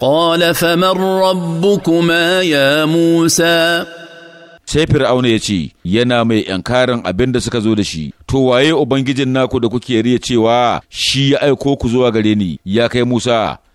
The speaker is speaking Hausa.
قال فمن ربكما يا موسى sai fir'auna ya ce yana mai yankarin abin da suka zo da shi to waye ubangijin naku da kuke riya cewa shi ya aiko ku zuwa gare ni ya kai musa